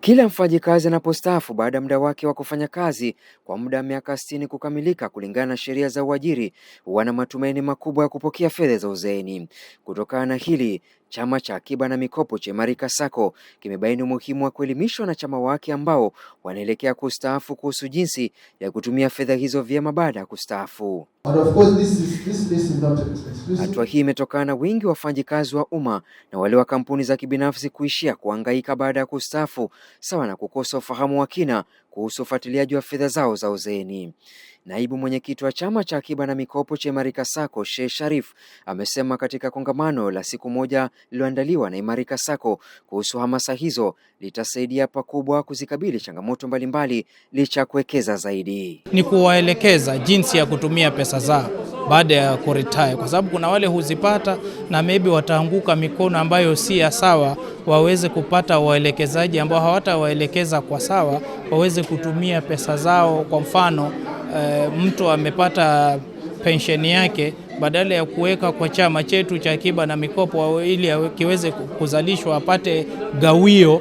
Kila mfanyikazi anapostaafu baada ya muda wake wa kufanya kazi kwa muda wa miaka sitini kukamilika kulingana na sheria za uajiri, huwa na matumaini makubwa ya kupokea fedha za uzeeni. Kutokana na hili, Chama cha Akiba na Mikopo Chemarika Sacco kimebaini umuhimu wa kuelimishwa na chama wake ambao wanaelekea kustaafu kuhusu jinsi ya kutumia fedha hizo vyema baada ya kustaafu. Hatua hii imetokana na wingi wa wafanyikazi wa umma na wale wa kampuni za kibinafsi kuishia kuhangaika baada ya kustaafu, sawa na kukosa ufahamu wa kina kuhusu ufuatiliaji wa fedha zao za uzeeni. Naibu mwenyekiti wa chama cha akiba na mikopo cha Imarika Sacco Sheikh Sharif amesema katika kongamano la siku moja lililoandaliwa na Imarika Sacco kuhusu hamasa hizo litasaidia pakubwa kuzikabili changamoto mbalimbali licha kuwekeza zaidi. Ni kuwaelekeza jinsi ya kutumia pesa zao baada ya kuretire, kwa sababu kuna wale huzipata na maybe wataanguka mikono ambayo si ya sawa, waweze kupata waelekezaji ambao hawatawaelekeza kwa sawa, waweze kutumia pesa zao kwa mfano Eh, mtu amepata pensheni yake badala ya kuweka kwa chama chetu cha akiba na mikopo ili kiweze kuzalishwa apate gawio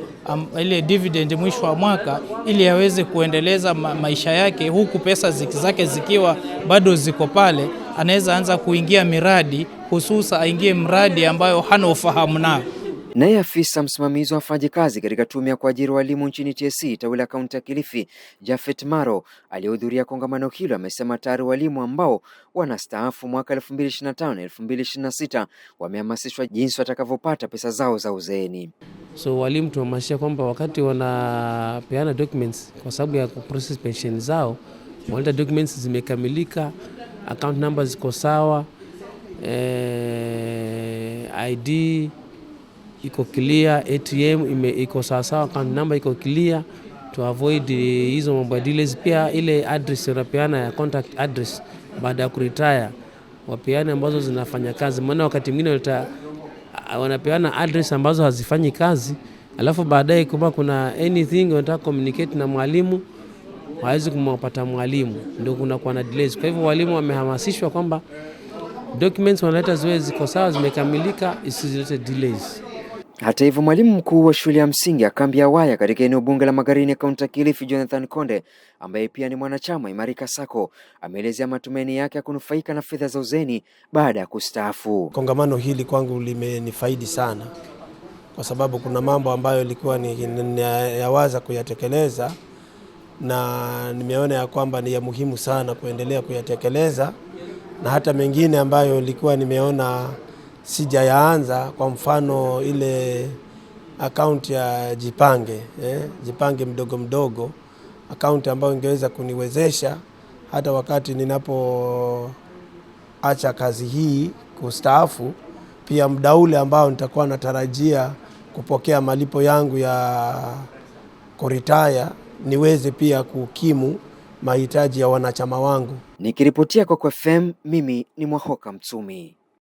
ile dividend mwisho wa mwaka ili aweze kuendeleza ma maisha yake, huku pesa ziki zake zikiwa bado ziko pale, anaweza anza kuingia miradi, hususa aingie mradi ambayo hana ufahamu nao. Naye afisa msimamizi wa wafanyakazi katika tume ya kuajiri walimu nchini TSC tawi la kaunti ya Kilifi, Jafet Maro aliyehudhuria kongamano hilo amesema tayari walimu ambao wanastaafu mwaka 2025 2026 wamehamasishwa jinsi watakavyopata pesa zao za uzeeni. So walimu tunahamasisha kwamba wakati wanapeana documents kwa sababu ya kuprocess pension zao, wanaleta documents zimekamilika, account numbers ziko sawa, eh, ID iko clear, ATM ime iko sawa sawa, kan namba iko clear, to avoid eh, hizo mambo ya delays. Pia ile address napeana ya contact address baada ya kuretire wapeane ambazo zinafanya kazi, maana wakati mwingine wata ah, wanapeana address ambazo hazifanyi kazi, alafu baadaye kama kuna anything wanataka communicate na mwalimu hawezi kumpata mwalimu, ndio kuna kuwa na delays. Kwa hivyo walimu wamehamasishwa kwamba documents wanaleta ziwe ziko sawa, zimekamilika, isizilete delays. Hata hivyo, mwalimu mkuu wa shule ya msingi ya kambi ya Waya katika eneo bunge la Magarini, kaunti ya Kilifi, Jonathan Konde, ambaye pia ni mwanachama Imarika Sacco, ameelezea matumaini yake ya kunufaika na fedha za uzeni baada ya kustaafu. Kongamano hili kwangu limenifaidi sana, kwa sababu kuna mambo ambayo ilikuwa yawaza kuyatekeleza na nimeona ya kwamba ni ya muhimu sana kuendelea kuyatekeleza, na hata mengine ambayo ilikuwa nimeona sijayaanza, kwa mfano ile akaunti ya Jipange eh, Jipange mdogo mdogo, akaunti ambayo ingeweza kuniwezesha hata wakati ninapoacha kazi hii kustaafu, pia muda ule ambao nitakuwa natarajia kupokea malipo yangu ya kuritaya niweze pia kukimu mahitaji ya wanachama wangu. Nikiripotia Coco FM, mimi ni Mwahoka Mtumi.